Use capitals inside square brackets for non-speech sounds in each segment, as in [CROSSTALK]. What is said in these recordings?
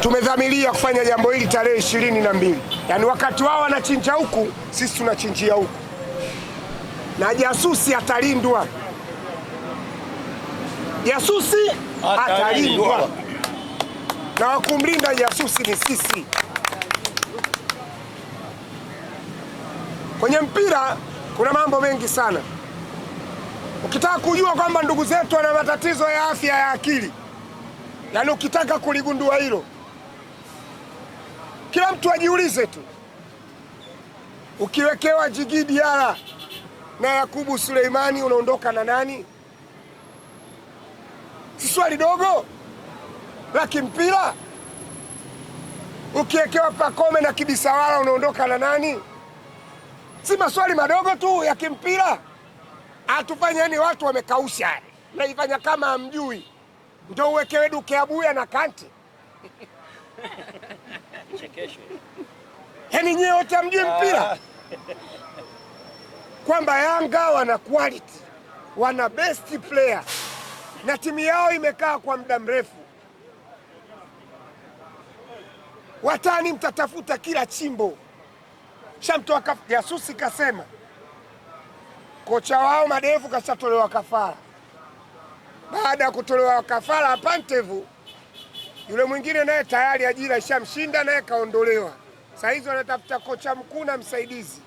tumedhamiria kufanya jambo hili tarehe ishirini na mbili, yaani wakati wao wanachinja huku sisi tunachinjia huku, na jasusi atalindwa, jasusi atalindwa, na wakumlinda jasusi ni sisi. Kwenye mpira kuna mambo mengi sana. Ukitaka kujua kwamba ndugu zetu wana matatizo ya afya ya akili, yaani ukitaka kuligundua hilo kila mtu ajiulize tu, ukiwekewa Djigui Diarra na Yakubu Suleimani unaondoka na nani? Si swali dogo la kimpira. Ukiwekewa Pakome na Kibisawala unaondoka na nani? Si maswali madogo tu ya kimpira. Atufanye yani watu wamekausha, naifanya kama hamjui, ndo uwekewe Duke Abuya na Kanti [LAUGHS] Chekesho. Yaani nyewe wote hamjui mpira kwamba Yanga wana quality, wana best player na timu yao imekaa kwa muda mrefu. Watani mtatafuta kila chimbo. Shamtoa jasusi kasema kocha wao madevu kashatolewa kafara. Baada ya kutolewa kafara Pantevu yule mwingine naye tayari ajira ishamshinda naye kaondolewa. Saa hizi wanatafuta kocha mkuu na msaidizi.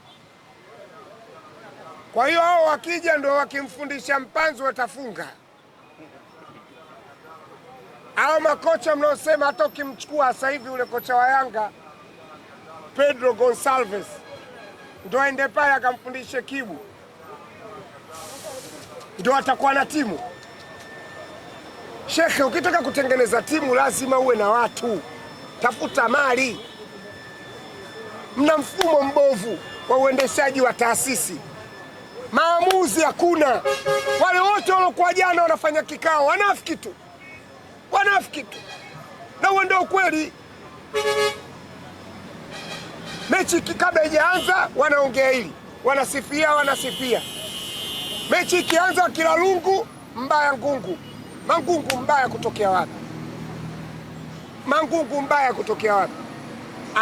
Kwa hiyo hao wakija ndio wakimfundisha mpanzo watafunga. Hao makocha mnaosema, hata ukimchukua sasa hivi yule kocha wa Yanga Pedro Gonsalves ndio aende pale akamfundishe Kibu, ndio atakuwa na timu. Shekhe, ukitaka kutengeneza timu lazima uwe na watu, tafuta mali. Mna mfumo mbovu wa uendeshaji wa taasisi, maamuzi hakuna. Wale wote waliokuwa jana wanafanya kikao, wanafiki tu, wanafiki tu, na huo ndio ukweli. Mechi kabla haijaanza wanaongea hili, wanasifia, wanasifia. Mechi ikianza, kila lungu mbaya ngungu. Mangungu mbaya kutokea wapi? Mangungu mbaya kutokea wapi?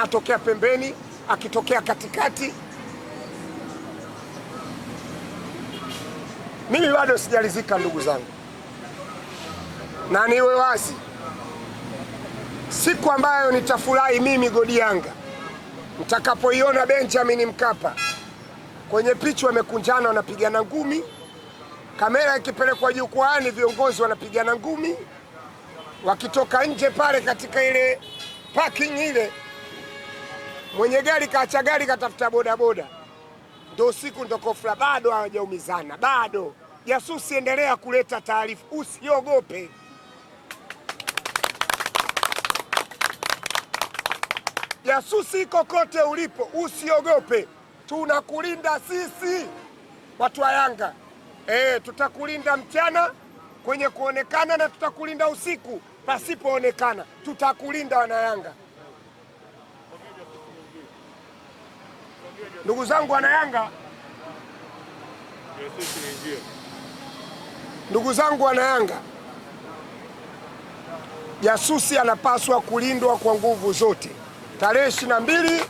Atokea pembeni, akitokea katikati. Mimi bado sijalizika ndugu zangu, na niwe wazi, siku ambayo nitafurahi mimi Godi Yanga nitakapoiona Benjamin Mkapa kwenye pichu wamekunjana, wanapigana ngumi Kamera ikipelekwa jukwaani, viongozi wanapigana ngumi, wakitoka nje pale katika ile parking ile, mwenye gari kaacha gari katafuta bodaboda, ndo siku ndo kofla. Bado hawajaumizana, bado jasusi, endelea kuleta taarifa, usiogope. Jasusi kokote ulipo, usiogope, tunakulinda sisi watu wa Yanga. E, tutakulinda mchana kwenye kuonekana na tutakulinda usiku pasipoonekana. Tutakulinda Wanayanga. Ndugu zangu Wanayanga, ndugu zangu Wanayanga, jasusi anapaswa kulindwa kwa nguvu zote. Tarehe ishirini na mbili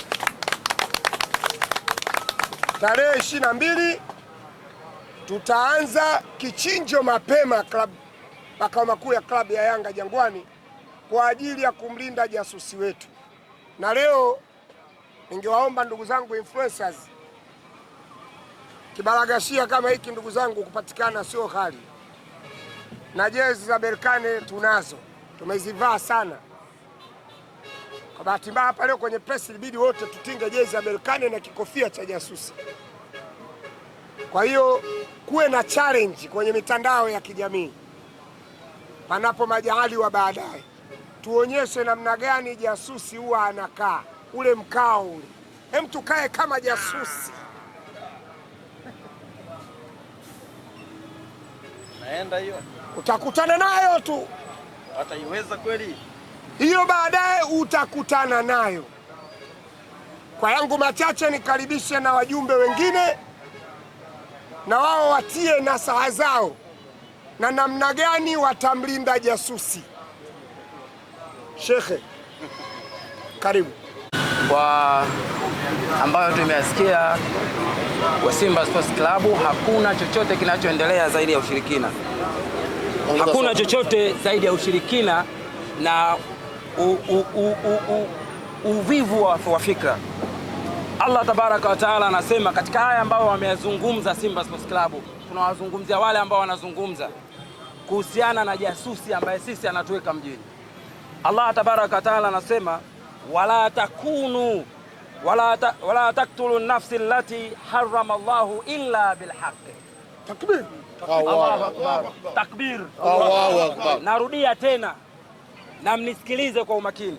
tarehe ishirini na mbili tutaanza kichinjo mapema klabu makao makuu ya klabu ya Yanga Jangwani kwa ajili ya kumlinda jasusi wetu. Na leo ningewaomba ndugu zangu influencers, kibaragashia kama hiki ndugu zangu kupatikana sio hali, na jezi za Berkane tunazo, tumezivaa sana. Kwa bahati mbaya hapa leo kwenye press ilibidi wote tutinge jezi ya Berkane na kikofia cha jasusi, kwa hiyo kuwe na challenge kwenye mitandao ya kijamii panapo majahali wa baadaye, tuonyeshe namna gani jasusi huwa anakaa ule mkao ule. Hem, tukae kama jasusi naenda hiyo, utakutana nayo tu, ataiweza kweli hiyo, baadaye utakutana nayo. Kwa yangu machache, nikaribishe na wajumbe wengine na wao watie na saa zao na namna gani watamlinda jasusi. Shekhe, karibu. Kwa ambayo tumeyasikia kwa Simba Sports Club, hakuna chochote kinachoendelea zaidi ya ushirikina, hakuna chochote zaidi ya ushirikina na u, u, u, u, u, uvivu wa, wa fikra. Allah tabaraka wa taala anasema katika haya ambayo wameyazungumza Simba Sports Club, tunawazungumzia wale ambao wanazungumza kuhusiana na jasusi ambaye sisi anatuweka mjini. Allah tabaraka wa taala anasema wala takunu wala, ta, wala taktulu nafsi allati harrama Allahu illa bilhaqi. Takbir, Allahu akbar, takbir, Allahu akbar. Narudia tena na mnisikilize kwa umakini.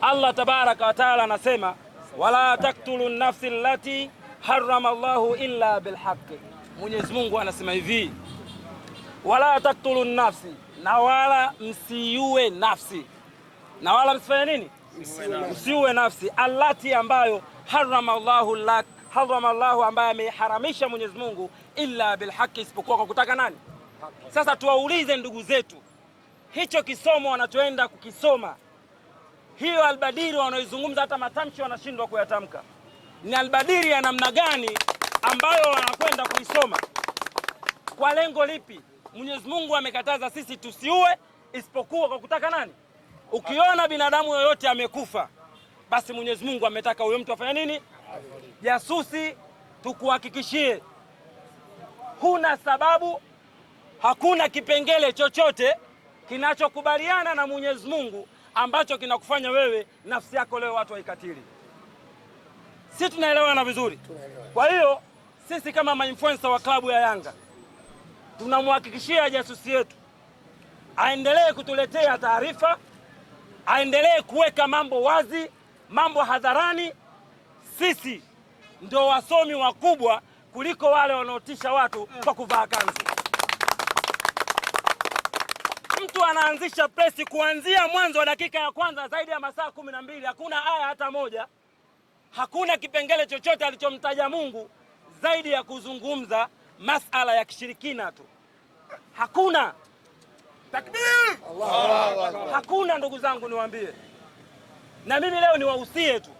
Allah tabaraka wa taala anasema wala taktulu nafsi lati harrama llahu illa bilhaqi. Mwenyezi Mungu anasema hivi, wala taktulu nafsi, na wala msiue nafsi, na wala msifanye nini? Msiue nafsi, alati ambayo harrama llahu lak harrama Allahu, ambaye ameharamisha Mwenyezi Mungu, illa bilhaqi, isipokuwa kwa kutaka nani? Sasa tuwaulize ndugu zetu, hicho kisomo wanachoenda kukisoma hiyo albadiri wanaoizungumza hata matamshi wanashindwa kuyatamka. Ni albadiri ya namna gani ambayo wanakwenda kuisoma? Kwa lengo lipi? Mwenyezi Mungu amekataza sisi tusiue isipokuwa kwa kutaka nani? Ukiona binadamu yoyote amekufa, basi Mwenyezi Mungu ametaka huyo mtu afanya nini? Jasusi, tukuhakikishie huna sababu, hakuna kipengele chochote kinachokubaliana na Mwenyezi Mungu ambacho kinakufanya wewe nafsi yako leo watu waikatili. Si tunaelewana vizuri? Kwa hiyo sisi kama mainfluencer wa klabu ya Yanga tunamhakikishia jasusi yetu aendelee kutuletea taarifa, aendelee kuweka mambo wazi, mambo hadharani. Sisi ndio wasomi wakubwa kuliko wale wanaotisha watu kwa kuvaa kanzu mtu anaanzisha presi kuanzia mwanzo wa dakika ya kwanza zaidi ya masaa kumi na mbili hakuna aya hata moja, hakuna kipengele chochote alichomtaja Mungu zaidi ya kuzungumza masala ya kishirikina tu. Hakuna takbir, hakuna. Ndugu zangu, niwaambie na mimi leo niwahusie tu,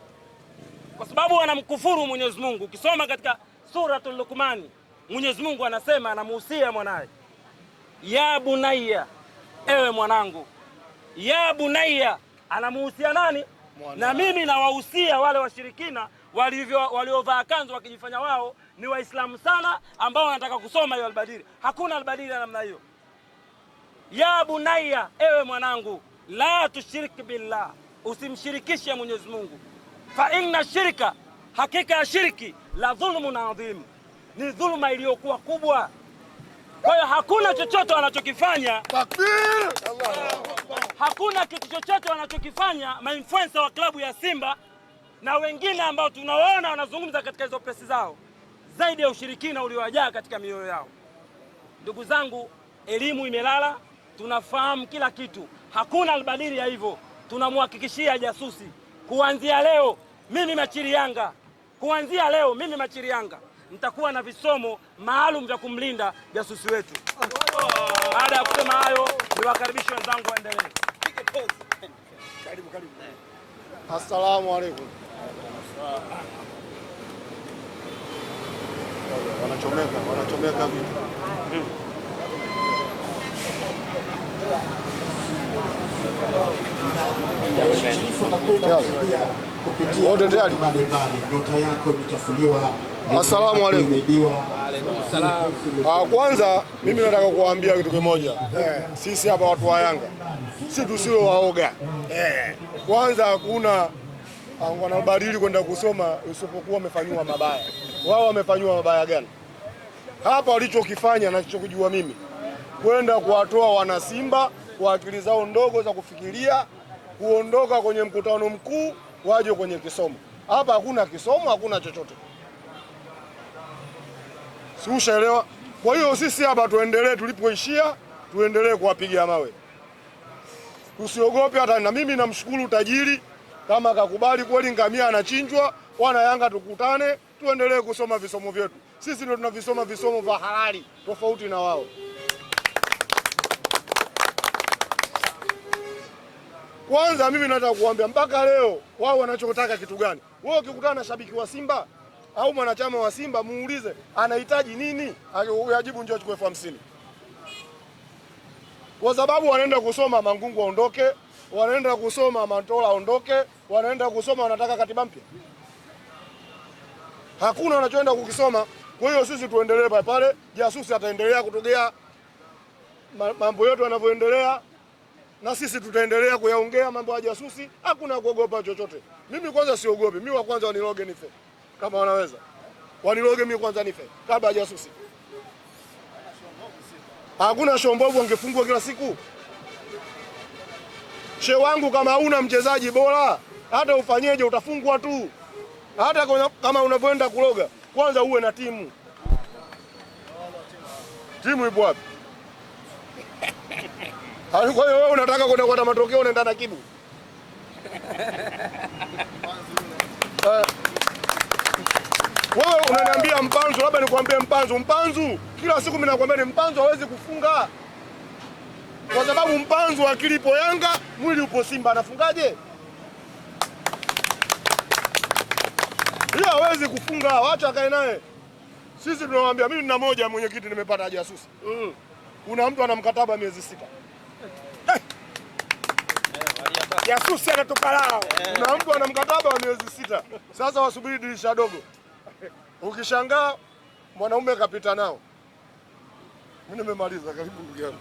kwa sababu wanamkufuru Mwenyezi Mungu. Ukisoma katika Suratul Luqmani, Mwenyezi Mungu anasema, anamuhusia mwanaye ya bunayya ewe mwanangu, ya bunaiya, anamuhusia nani? Mwana. Na mimi nawahusia wale washirikina waliovaa kanzu wakijifanya wao ni Waislamu sana ambao wanataka kusoma hiyo albadiri. Hakuna albadiri ya namna hiyo. Ya bunaiya, ewe mwanangu, la tushiriki billah, usimshirikishe Mwenyezi Mungu. Fa inna shirka, hakika ya shirki la na adhim, ni dhuluma iliyokuwa kubwa. Kwa hiyo hakuna chochote wanachokifanya, hakuna kitu chochote wanachokifanya mainfluencer wa klabu ya Simba na wengine ambao tunawaona wanazungumza katika hizo presi zao, zaidi ya ushirikina uliowajaa katika mioyo yao. Ndugu zangu, elimu imelala, tunafahamu kila kitu, hakuna albadili ya hivyo. Tunamhakikishia jasusi, kuanzia leo mimi Machiri Yanga, kuanzia leo mimi Machiri Yanga mtakuwa na visomo maalum vya kumlinda jasusi wetu. Baada ya kusema hayo, niwakaribishe wenzangu waendelee. Karibu, Assalamu alaikum. Wanachomeka, wanachomeka vitu. Kupitia ndoto yako imechafuliwa Asalamu alaykum. Ah, kwanza mimi nataka kuwaambia kitu kimoja, eh. sisi hapa watu wa Yanga si tusio waoga. Eh. Kwanza hakuna ah, wanabadili kwenda kusoma usipokuwa wamefanyiwa mabaya. Wao wamefanyiwa mabaya gani? Hapa walichokifanya nachokujua mimi kwenda kuwatoa wanasimba kwa akili zao ndogo za kufikiria, kuondoka kwenye mkutano mkuu waje kwenye kisomo. Hapa hakuna kisomo, hakuna chochote si ushaelewa? Kwa hiyo sisi hapa tuendelee tulipoishia, tuendelee kuwapiga mawe, tusiogope. Hata na mimi namshukuru tajiri kama akakubali kweli ngamia anachinjwa. Wana Yanga tukutane, tuendelee kusoma visomo vyetu. Sisi ndio tunavisoma visomo vya halali tofauti na wao. Kwanza mimi nataka kuambia mpaka leo wao wanachotaka kitu gani? Wewe ukikutana na shabiki wa Simba au mwanachama wa Simba muulize anahitaji nini, ajibu njoo achukue elfu hamsini kwa sababu wanaenda kusoma Mangungu aondoke, wanaenda kusoma Mantola aondoke, wanaenda kusoma, wanataka katiba mpya. Hakuna wanachoenda kukisoma. Kwa hiyo sisi tuendelee pale pale, jasusi ataendelea kutogea mambo yetu yanavyoendelea, na sisi tutaendelea kuyaongea mambo ya jasusi. Hakuna kuogopa chochote. Mimi kwanza siogopi, mimi wa kwanza waniroge nife kama wanaweza waniroge mimi kwanza nife kabla hajasusi. Hakuna shombovu angefungwa kila siku. She wangu, kama una mchezaji bora, hata ufanyeje utafungwa tu. Hata kama unavyoenda kuroga, kwanza uwe na timu. Timu ipo wapi? Kwa hiyo wewe unataka kwenda kupata matokeo, unaenda na kibu [LAUGHS] eh. Wewe unaniambia mpanzu, labda nikwambie mpanzu. Mpanzu kila siku mimi nakwambia ni mpanzu, hawezi kufunga kwa sababu mpanzu akili ipo Yanga, mwili upo Simba, anafungaje? Hiyo hawezi kufunga, wacha akae naye. Sisi tunamwambia, mimi nina moja, mwenyekiti, nimepata jasusi mm. Kuna mtu ana mkataba miezi sita Jasusi anatoka eh. kuna mtu ana mkataba wa miezi sita, sasa wasubiri dirisha dogo. Ukishangaa mwanaume kapita nao. Mimi nimemaliza, karibu ndugu yangu.